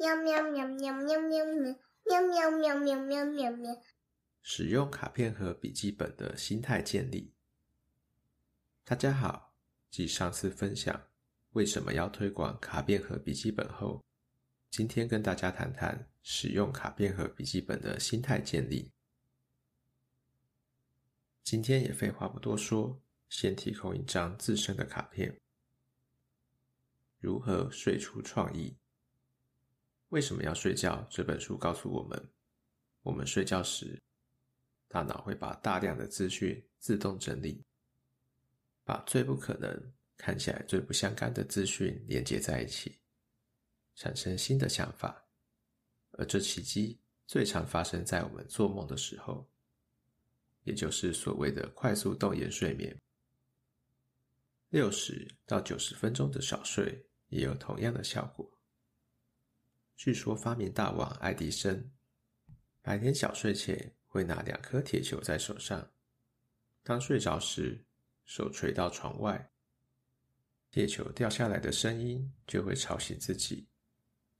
喵喵喵,喵喵喵喵喵喵喵喵喵喵喵喵喵！使用卡片盒筆記本的心態建立。大家好，繼上次分享為什麼要推廣卡片盒筆記本後，今天跟大家談談使用卡片盒筆記本的心態建立。今天也廢話不多說，先提供一張自身的卡片。如何睡出創意？為什麼要睡覺？這本書告訴我們，我們睡覺時，大腦會把大量的資訊自動整理，把最不可能、看起來最不相干的資訊連接在一起，產生新的想法。而這奇蹟最常發生在我們做夢的時候，也就是所謂的快速動眼睡眠。六十到九十分鐘的小睡也有同樣的效果。據說發明大王愛迪生白天小睡前會拿兩顆鐵球在手上，當睡着時手垂到床外，鐵球掉下來的聲音就會吵醒自己。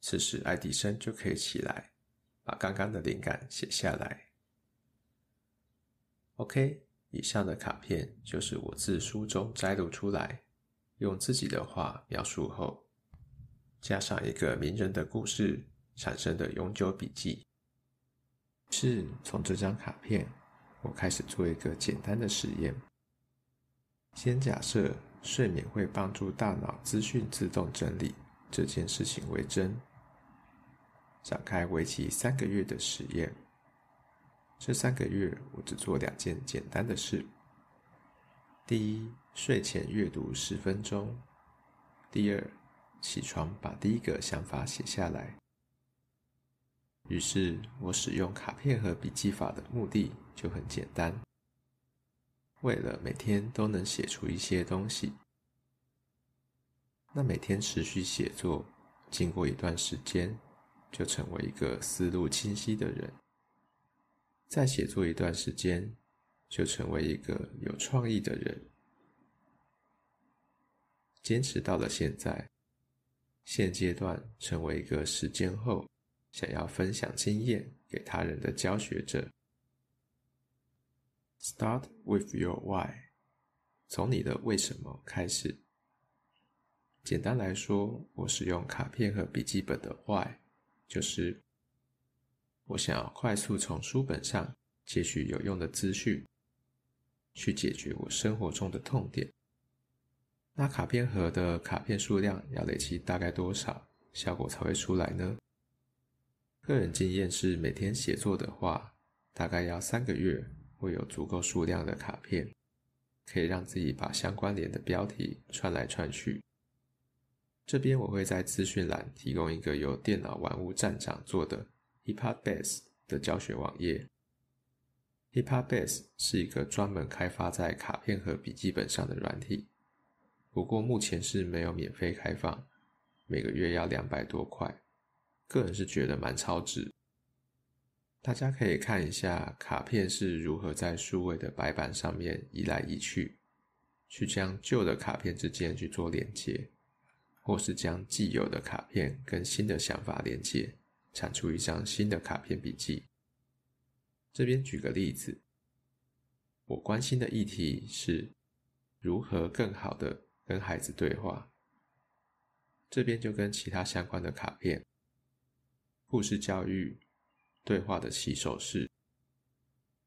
此時愛迪生就可以起來，把剛剛的靈感寫下來。OK，以上的卡片就是我自書中摘錄出來，用自己的話描述後。加上一個名人的故事產生的永久筆記，是從這張卡片，我開始做一個簡單的實驗。先假設睡眠會幫助大腦資訊自動整理這件事情為真，展開為期三個月的實驗。這三個月我只做兩件簡單的事：第一，睡前閱讀十分鐘；第二，起床，把第一個想法寫下來。於是我使用卡片盒筆記法的目的就很簡單：為了每天都能寫出一些東西。那每天持續寫作，經過一段時間，就成為一個思路清晰的人；再寫作一段時間，就成為一個有創意的人。堅持到了現在。現階段成為一個實踐後，想要分享經驗給他人的教學者，Start with your why，從你的為什麼開始。簡單來說，我使用卡片盒筆記本的 why，就是我想要快速從書本上擷取有用的資訊，去解決我生活中的痛點。那卡片盒的卡片數量要累積大概多少，效果才會出來呢？個人經驗是，每天寫作的話，大概要三個月會有足夠數量的卡片，可以讓自己把相關聯的標題串來串去。這邊我會在資訊欄提供一個由電腦玩物站長做的 Heptabase 的教學網頁。Heptabase 是一個專門開發在卡片盒筆記本上的軟體。不過目前是沒有免費開放，每個月要兩百多塊。個人是覺得蠻超值。大家可以看一下卡片是如何在數位的白板上面移來移去，去將舊的卡片之間去做連結，或是將既有的卡片跟新的想法連結，產出一張新的卡片筆記。這邊舉個例子，我關心的議題是如何更好的。跟孩子對話，這邊就跟其他相關的卡片、故事、教育、對話的起手式，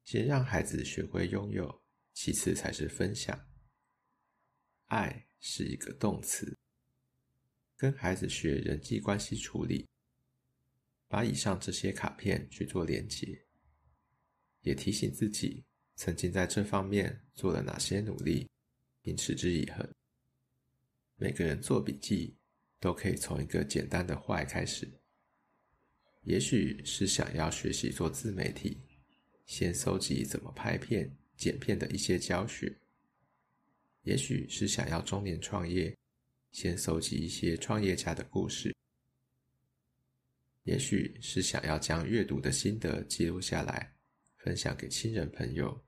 先讓孩子學會擁有，其次才是分享。愛是一個動詞，跟孩子學人際關係處理，把以上這些卡片去做連接，也提醒自己曾經在這方面做了哪些努力，並持之以恆。每個人做筆記都可以從一個簡單的 Why 開始，也許是想要學習做自媒體，先蒐集怎麼拍片、剪片的一些教學。也許是想要中年創業，先搜集一些創業家的故事。也許是想要將閱讀的心得記錄下來，分享給親人朋友。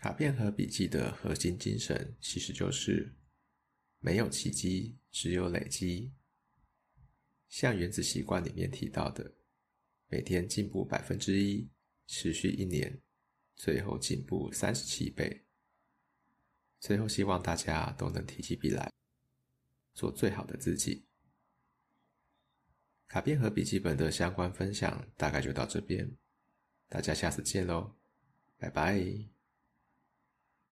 卡片盒筆記的核心精神其實就是沒有奇蹟，只有累積。像《原子習慣》裡面提到的，每天進步百分之一，持續一年，最後進步三十七倍。最後，希望大家都能提起筆來，做最好的自己。卡片盒筆記本的相關分享大概就到這邊，大家下次見嘍，拜拜。